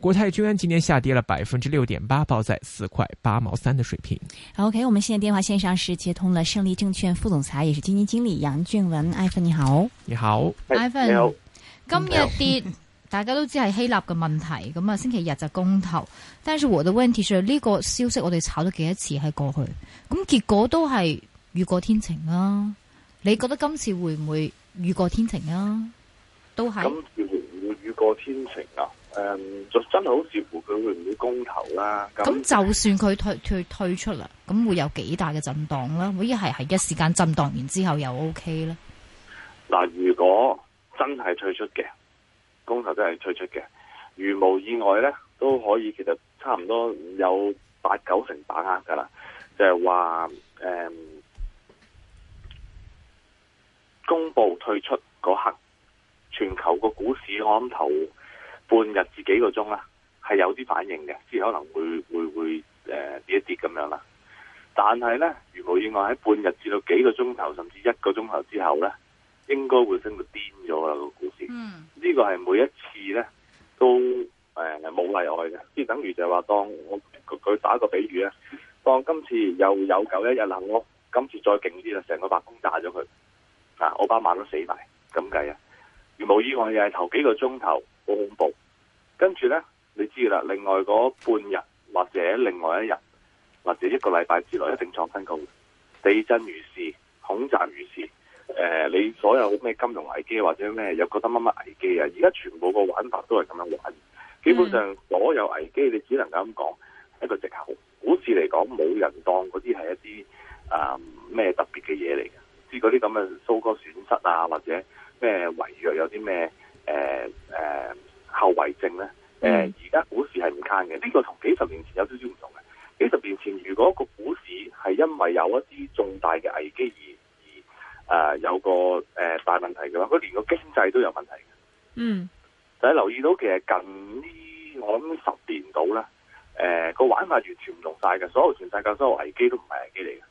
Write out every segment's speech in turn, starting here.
國泰君安今年下跌了百分之六點八，報在四塊八毛三的水平。OK，我們現在電話線上是接通了勝利證券副總裁，也是基金經理楊俊文，Ivan，你好，你好，Ivan，你好。Hi Ivan, Hi. 今日跌，Hi. 大家都知係希臘嘅問題。咁啊，星期日就公投，但是我的問題是呢個消息，我哋炒咗幾多次喺過去，咁結果都係雨過天晴啊。你覺得今次會唔會雨過天晴啊？都係。今次會唔會雨過天晴啊？誒、嗯，就真係好視乎佢會唔會公投啦。咁就算佢退退退出啦，咁會有幾大嘅震盪啦。會一係係一時間震盪完之後又 O K 啦。嗱，如果真係退出嘅，公投真係退出嘅，如無意外咧，都可以其實差唔多有八九成把握噶啦。就係話誒，公布退出嗰刻，全球個股市安投。半日至幾個鐘啦，係有啲反應嘅，即係可能會會會誒、呃，跌一跌咁樣啦。但係呢，如無意外喺半日至到幾個鐘頭，甚至一個鐘頭之後呢，應該會升到癲咗啊個股市。嗯，呢個係每一次呢都誒冇、呃、例外嘅，即係等於就係話當我佢打一個比喻啊，當今次又有九一日啦，我、啊、今次再勁啲啦，成個白宮炸咗佢啊奧巴馬都死埋，咁計啊，如無意外又係頭幾個鐘頭。好恐怖，跟住呢，你知啦。另外嗰半日或者另外一日，或者一個禮拜之內一定創新高的。地震如是，恐襲如是。誒、呃，你所有咩金融危機或者咩又覺得乜乜危機啊？而家全部個玩法都係咁樣玩。基本上所有危機你只能夠咁講一個藉口。股市嚟講，冇人當嗰啲係一啲咩，嗯、特別嘅嘢嚟嘅。即嗰啲咁嘅收割損失啊，或者咩違約有啲咩？誒誒、呃呃、後遺症咧，誒而家股市係唔坑嘅，呢、這個同幾十年前有少少唔同嘅。幾十年前如果個股市係因為有一啲重大嘅危機而而誒、呃、有個誒、呃、大問題嘅話，佢連個經濟都有問題嘅。嗯，你留意到其實近呢，我諗十年到咧，誒、呃、個玩法完全唔同晒嘅，所有全世界所有危機都唔係危機嚟嘅。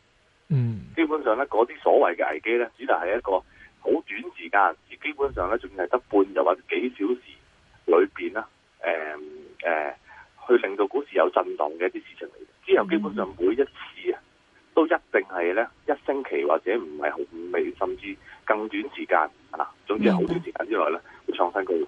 嗯，基本上咧，嗰啲所謂嘅危機咧，只係係一個。好短時間，而基本上咧仲係得半又或者幾小時裏面，啦、嗯嗯嗯。去令到股市有震動嘅一啲事情嚟。之後基本上每一次啊，都一定係咧一星期或者唔係好微，甚至更短時間啊，總之係好短時間之內咧，會創新高嘅。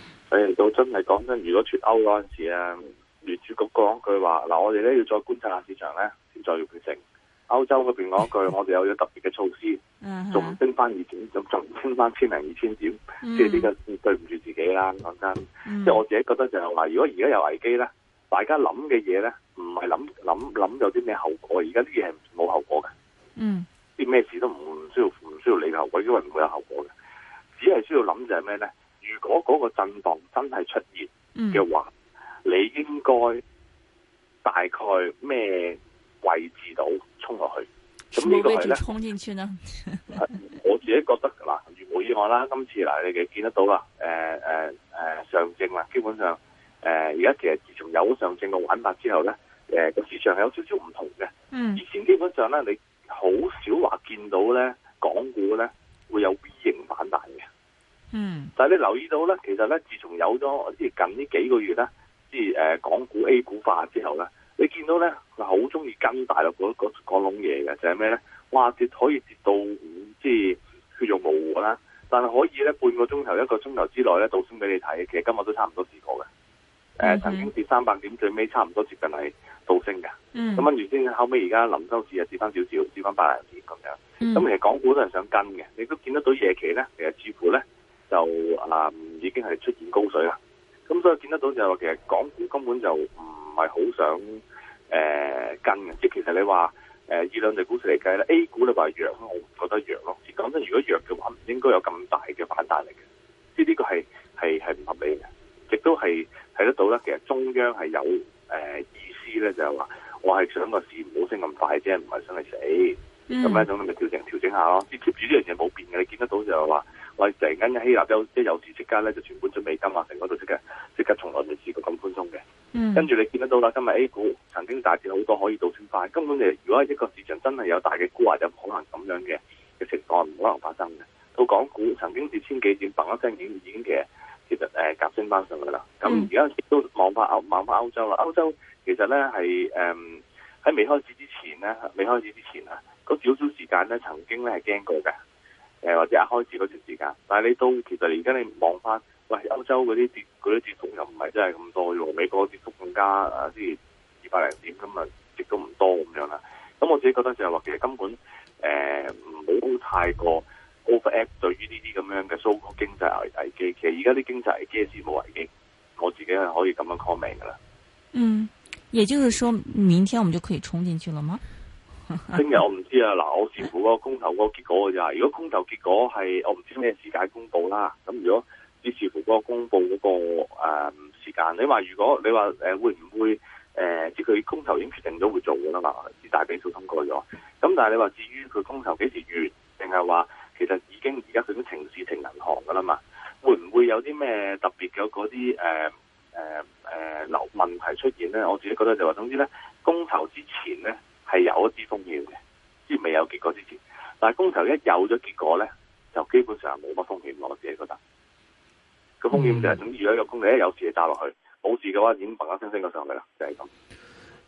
誒，我真係講真，如果脱歐嗰陣時啊，聯儲局講句話，嗱，我哋咧要再觀察下市場咧，先再要決定。歐洲嗰邊講句，我哋有咗特別嘅措施，嗯、mm，仲升翻二點，仲仲升翻千零二千點，即係呢個對唔住自己啦、啊，講真，mm hmm. 即係我自己覺得就係、話，如果而家有危機咧，大家諗嘅嘢咧，唔係諗諗諗有啲咩後果，而家啲嘢係冇後果嘅，嗯、mm，啲、hmm. 咩事都唔需要唔需要理後果，因為唔會有後果嘅，只係需要諗就係咩咧？如果嗰個喺咩位置度衝落去？咁呢個係咧？衝進去呢？ 我自己覺得嗱，如無意外啦。今次嗱，你哋見得到啦，誒誒誒，上證啦，基本上誒，而、呃、家其實自從有上證嘅玩法之後咧，誒、呃、個市場係有少少唔同嘅。嗯。以前基本上咧，你好少話見到咧，港股咧會有 V 型反彈嘅。嗯。但係你留意到咧，其實咧，自從有咗即係近呢幾個月咧，即係誒港股 A 股化之後咧。你見到咧，佢好中意跟大陸嗰嗰嘢嘅，就係咩咧？哇！跌可以跌到五，即、嗯、係血肉模糊啦。但係可以咧，半個鐘頭、一個鐘頭之內咧，倒升俾你睇。其實今日都差唔多試過嘅、呃。曾經跌三百點，最尾差唔多接近係倒升嘅。咁跟住先，hmm. 後尾而家臨收市啊跌翻少少，跌翻百零點咁樣。咁、mm hmm. 其實港股都係想跟嘅。你都見得到夜期咧，其實似乎咧就啊、嗯、已經係出現高水啦。咁所以見得到就係、是、話，其實港股根本就唔係好想。誒，跟嘅，呃，即係其實你話誒、呃，以兩隻股市嚟計咧，A 股你話弱，我唔覺得弱咯。講真，如果弱嘅話，唔應該有咁大嘅反彈力嘅。即係呢個係係係唔合理嘅，亦都係睇得到啦。其實中央係有誒、呃、意思咧，就係話我係想個市唔好升咁快，即係唔係想佢死咁、嗯、樣，咁你咪調整調整下咯。即接住呢樣嘢冇變嘅，你見得到就係話。我哋成間嘅希臘有啲遊資即刻咧，就存款準備金啊，成嗰度即刻，即刻從來未試過咁寬鬆嘅。嗯，跟住你見得到啦，今日 A 股曾經大跌好多，可以倒升返。根本你如果一個市場真係有大嘅沽壓，就唔可能咁樣嘅嘅情況唔可能發生嘅。到港股曾經跌千幾點，嘣一聲已經已經嘅，其實誒夾、啊、升翻上去啦。咁而家都望翻歐望翻、mm. 歐洲啦，歐洲其實咧係誒喺未開始之前咧，未開始之前啊，嗰少少時間咧，曾經咧係驚過嘅。誒，或者開始嗰段時間，但係你都其實而家你望翻，喂，歐洲嗰啲跌啲跌幅又唔係真係咁多，美國跌幅更加誒，即、啊、係二百零點咁啊，跌到唔多咁樣啦。咁我自己覺得就係話，其實根本誒唔好太過 overact 對於呢啲咁樣嘅蘇國經濟危危機。其實而家啲經濟危機是冇危機，我自己係可以咁樣 comment 噶啦。嗯，也就是說，明天我們就可以衝進去了嗎？聽日我唔知啊，嗱，我視乎個公投個結果嘅咋。如果公投結果係我唔知咩時間公布啦，咁如果只視乎嗰個公布嗰、那個誒、呃、時間。你話如果你話誒會唔會誒，即、呃、佢公投已經決定咗會做嘅啦嘛，即大比數通過咗。咁但係你話至於佢公投幾時完，定係話其實已經而家佢都停市停銀行噶啦嘛，會唔會有啲咩特別嘅嗰啲誒誒誒流問題出現咧？我自己覺得就話、是，總之咧公投之前咧。係有一啲風險嘅，即未有結果之前。但係工頭一有咗結果咧，就基本上冇乜風險。我自己覺得，咁風險就係咁。如果個工頭一有事揸落去，冇事嘅話，已經砰砰聲聲咁上去啦，就係、是、咁。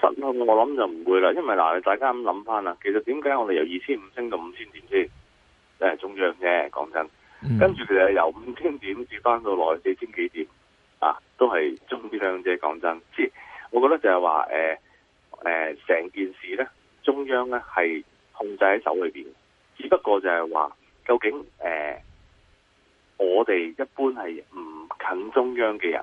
實我諗就唔會啦，因為嗱，大家咁諗翻啦，其實點解我哋由二千五升到五千點先，都係中央啫。講真，跟住其實由五千點跌翻到來四千幾點啊，都係中央啫。講真，即係我覺得就係話誒誒，成、呃呃、件事咧，中央咧係控制喺手裏邊，只不過就係話究竟誒、呃，我哋一般係唔近中央嘅人。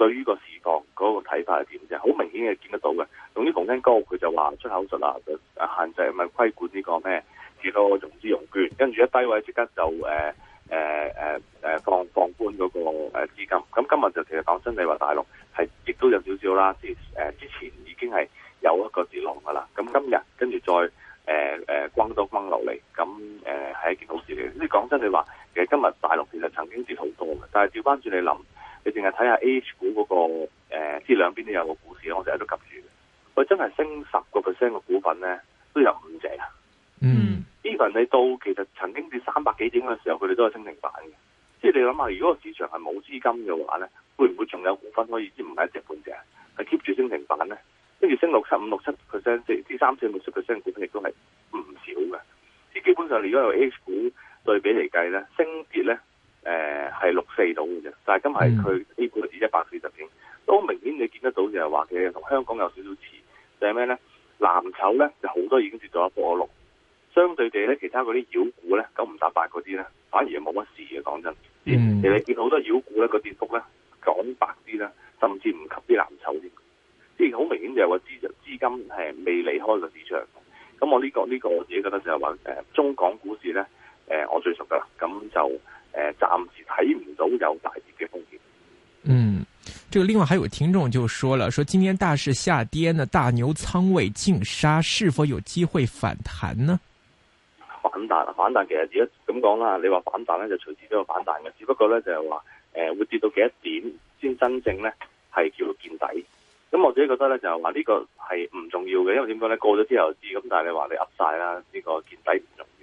對呢個市況嗰個睇法係點啫？好明顯係見得到嘅。總之馮生高佢就話出口術啦，限制唔係規管呢個咩？結果融資融券，跟住一低位即刻就誒誒誒誒放放寬嗰、那個誒、呃、資金。咁今日就其實講真，你話大陸係亦都有少少啦。之之前已經係有一個跌浪噶啦。咁今日跟住再誒誒關咗關落嚟，咁誒係一件好事嚟嘅。即係講真，你話其實今日大陸其實曾經跌好多嘅，但係調翻轉你諗。你淨係睇下 H 股嗰、嗰個呢，即係兩邊都有個股市。我成日都 𥄫 住嘅。佢真係升十個 percent 嘅股份咧，都有五隻啊！嗯，even 你到其實曾經跌三百幾點嘅時候，佢哋都係升停板嘅。即係你諗下，如果個市場係冇資金嘅話咧，會唔會仲有股份可以唔係一隻半隻係 keep 住升停板咧？跟住升六七五六七 percent，即係三四五六七 percent 股份亦都係唔少嘅。即基本上，如果係 H 股對比嚟計咧，升跌咧。誒，係六四到嘅啫，但係今日佢 A 股跌一百四十點，都、嗯、明顯你見得到就係話其實同香港有少少似，就係咩咧？藍籌咧就好多已經跌咗一波六，相對地咧，其他嗰啲妖股咧九唔搭八嗰啲咧，反而冇乜事嘅，講真。嗯，你見好多妖股咧，個跌幅咧，講白啲咧，甚至唔及啲藍籌添，即係好明顯就係話資資金係未離開個市場。咁我呢、這個呢、這個我自己覺得就係話，誒，中港股市咧，誒、呃，我最熟噶啦，咁就。誒，暫時睇唔到有大跌嘅風險。嗯，這個另外還有聽眾就說了，說今天大市下跌呢，大牛倉位淨沙，是否有機會反彈呢？反彈，反彈其實而家咁講啦，你話反彈咧就隨時都有反彈嘅，只不過咧就係話誒會跌到幾多點先真正咧係叫做見底。咁我自己覺得咧就係話呢個係唔重要嘅，因為點解咧？過咗之後至知。咁但係你話你噏晒啦，呢個見底唔重要。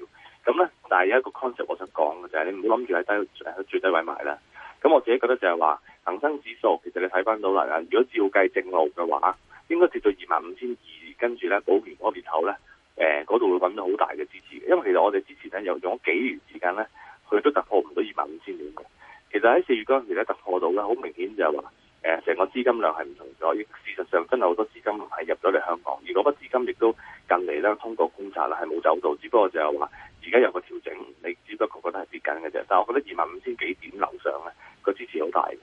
咁咧、嗯，但係有一個 concept 我想講嘅就係、是，你唔好諗住喺低誒喺最低位買啦。咁我自己覺得就係話，恒生指數其實你睇翻到啦，如果照計正路嘅話，應該跌到二萬五千二，跟住咧保完嗰年頭咧，誒嗰度會揾到好大嘅支持嘅。因為其實我哋之前咧又用咗幾年時間咧，佢都突破唔到二萬五千點嘅。其實喺四月嗰陣時咧突破到呢，好明顯就係話。誒成個資金量係唔同咗，事實上真係好多資金係入咗嚟香港。而嗰筆資金亦都近嚟咧通過觀察啦，係冇走到，只不過就係話而家有個調整，你只不過覺得都係跌緊嘅啫。但係我覺得二萬五千幾點樓上咧，個支持好大嘅。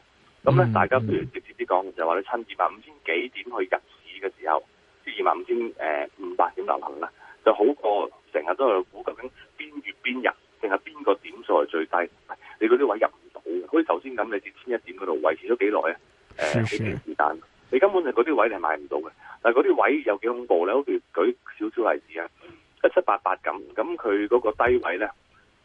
咁、嗯、咧，嗯、大家譬如直接啲講，就話你趁二萬五千幾點去入市嘅時候，即二萬五千誒五百點流行啦，就好過成日都係估究，究竟邊月邊日。幾段時間， 你，你根本係嗰啲位係買唔到嘅。但係嗰啲位有幾恐怖咧？好似舉少少例子啊，一七八八咁，咁佢嗰個低位咧，誒、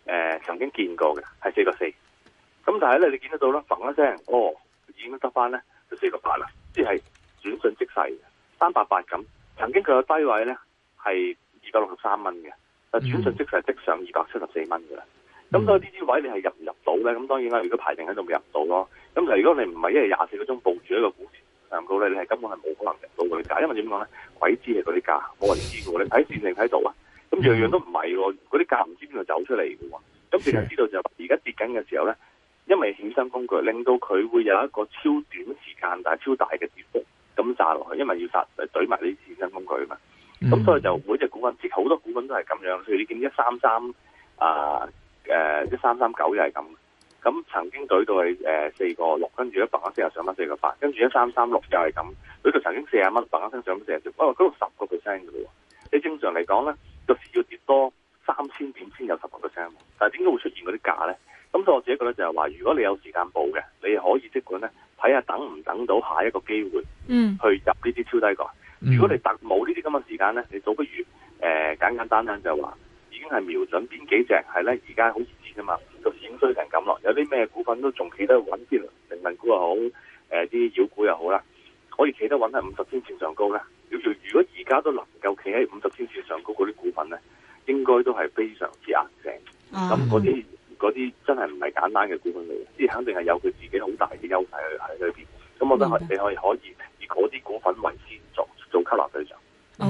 呃、曾經見過嘅係四個四。咁但係咧，你見得到啦，嘣一聲，哦，已經得翻咧，就四個八啦，即係轉瞬即逝。三八八咁，曾經佢個低位咧係二百六十三蚊嘅，但轉瞬即逝，即上二百七十四蚊嘅。咁、嗯嗯、所以呢啲位你係入唔入到咧？咁當然啦、啊，如果排定喺度入唔到咯。咁但係如果你唔係一日廿四個鐘抱住一個股指上高咧，你係根本係冇可能入到啲價。因為點講咧？鬼知係嗰啲價，冇人知嘅喎。你喺線定喺度啊！咁樣樣都唔係喎，嗰啲價唔知邊度走出嚟嘅喎。咁其實知道就係話而家跌緊嘅時候咧，因為衍生工具令到佢會有一個超短時間但係超大嘅跌幅咁炸落去，因為要殺嚟懟埋啲衍生工具啊嘛。咁、嗯、所以就每隻股份好多股份都係咁樣。譬如你見一三三啊～誒，一三三九又係咁，咁、嗯、曾經舉到係誒四個六，跟住一百爆升又上翻四個八，跟住一三三六又係咁，嗰度曾經四啊蚊，爆升上翻四十少，不過嗰度十個 percent 嘅咯。你正常嚟講咧，個市要跌多三千點先有十個 percent，但係點解會出現嗰啲價咧？咁所以我自己覺得就係話，如果你有時間保嘅，你可以即管咧睇下等唔等到下一個機會，嗯，去入呢啲超低價。如果你冇呢啲咁嘅時間咧，你倒不如誒簡、呃、簡單單,單就係話。係瞄準邊幾隻？係咧、嗯嗯嗯，而家好易止噶嘛，就已經衰成咁咯。有啲咩股份都仲企得穩啲，成分股又好，誒，啲妖股又好啦，可以企得穩喺五十天線上高咧。如果而家都能夠企喺五十天線上高嗰啲股份咧，應該都係非常之硬淨。咁嗰啲啲真係唔係簡單嘅股份嚟，即係肯定係有佢自己好大嘅優勢喺喺裏邊。咁我哋可你可以可以以嗰啲股份為。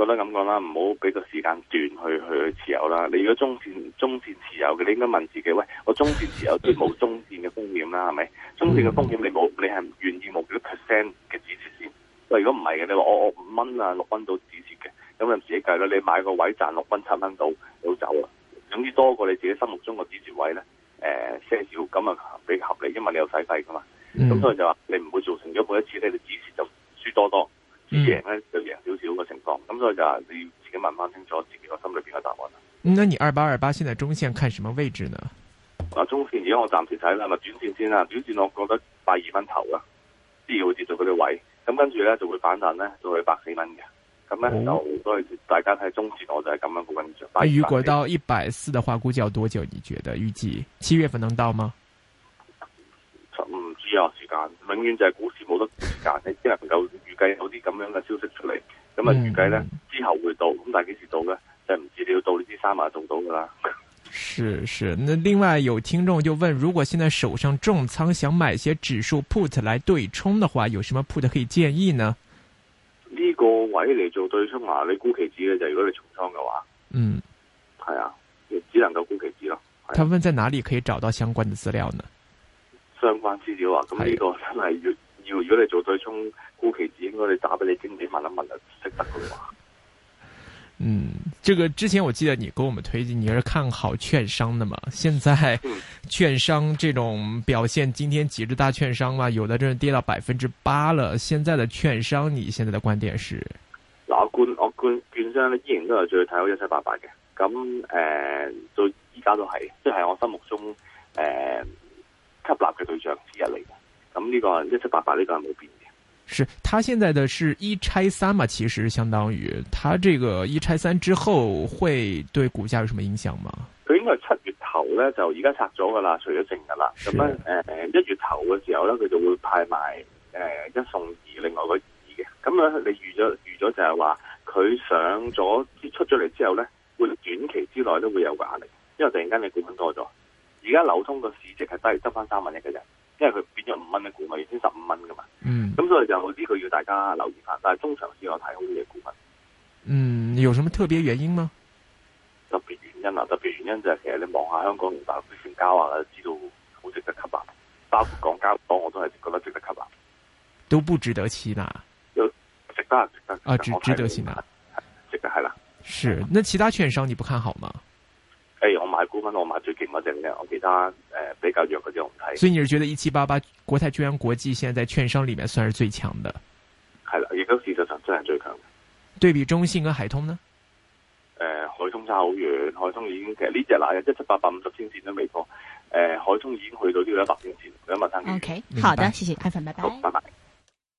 覺得咁講啦，唔好俾個時間段去去持有啦。你如果中線中線持有嘅，你應該問自己：喂，我中線持有都冇中線嘅風險啦，係咪？中線嘅風險你冇，你係唔願意冒幾多 percent 嘅止蝕先？喂，如果唔係嘅，你話我我五蚊啊六蚊到止蝕嘅，咁你自己計啦。你買個位賺六蚊七蚊到，你好走啦。總之多過你自己心目中個止蝕位咧，誒、呃、些少咁啊比較合理，因為你有使費噶嘛。咁、嗯、所以就話你唔會造成咗每一次咧，你止蝕就輸多多。贏咧就贏少少嘅情況，咁所以就係你自己慢慢清楚自己個心裏邊嘅答案啦。那你二八二八現在中線看什麼位置呢？啊，中線而家我暫時睇啦，咪、嗯、短線先啦。短線我覺得百二蚊頭啦，啲要跌到佢嘅位，咁跟住咧就會反彈咧就去百四蚊嘅。咁咧、哦、就所以大家睇中線我就係咁樣咁樣。如果到一百四嘅話，估計要多久？你覺得預計七月份能到嗎？唔知啊，時間永遠就係股市冇得時間，你只能夠。 計好啲咁樣嘅消息出嚟，咁啊預計咧之後會到，咁但係幾時到咧就唔知。你要到呢支三萬就到噶啦。是是，那另外有聽眾就問，如果現在手上重倉，想買一些指數 put 來對沖的話，有什麼 put 可以建議呢？呢個位嚟做對沖嘛？你沽期指嘅就如果你重倉嘅話，嗯，係啊，你只能夠沽期指咯。啊、他問在哪裏可以找到相關嘅資料呢？相關資料啊，咁呢個真係要要，如果你做對沖。估期字應該你打俾你經理問一問就識得佢話。嗯，這個之前我記得你給我們推薦，你係看好券商的嘛？現在券商這種表現，嗯、今天幾隻大券商嘛、啊，有的真是跌到百分之八了。現在的券商，你現在的觀點是？嗱、嗯，券我券券商咧依然都係最睇好一七八八嘅。咁誒、呃，到而家都係，即、就、係、是、我心目中誒、呃、吸納嘅對象之一嚟嘅。咁呢個一七八八呢個係冇變。是，他現在的是一拆三嘛，其實相當於他這個一拆三之後會對股價有什麼影響嗎？佢應該係七月頭咧就而家拆咗噶啦，除咗剩噶啦，咁咧誒誒，一月頭嘅時候咧佢就會派埋誒、呃、一送二，另外一個二嘅，咁咧你預咗預咗就係話佢上咗出出咗嚟之後咧會短期之內都會有壓力，因為突然間你股份多咗，而家流通個市值係低，得翻三萬億嘅人。因為佢變咗五蚊嘅股份，原先十五蚊噶嘛。嗯。咁所以就呢個要大家留意下，但係中長線我睇好啲嘅股份。嗯，有什麼特別原因嗎？特別原因啊，特別原因就係其實你望下香港五大啲成交啊，知道好值得吸納啊。包括港交所我都係覺得值得吸納啊，都不值得吸納？有值得，值得。值得啊，提值值得吸納？值得係啦。是，那其他券商你不看好嗎？誒、哎，我買股份，我買最勁嗰隻嘅，我其他誒、呃、比較弱嗰隻我唔睇。所以你係覺得一七八八國泰君安國際現在在券商裏面算係最強嘅？係啦，亦都事實上真係最強嘅。對比中信跟海通呢？誒、呃，海通差好遠，海通已經其實呢隻嗱一七八百五十天綫都未破，誒、呃，海通已經去到呢個一百天綫，佢喺 O K，好的，謝謝，阿粉，拜拜，好，拜拜。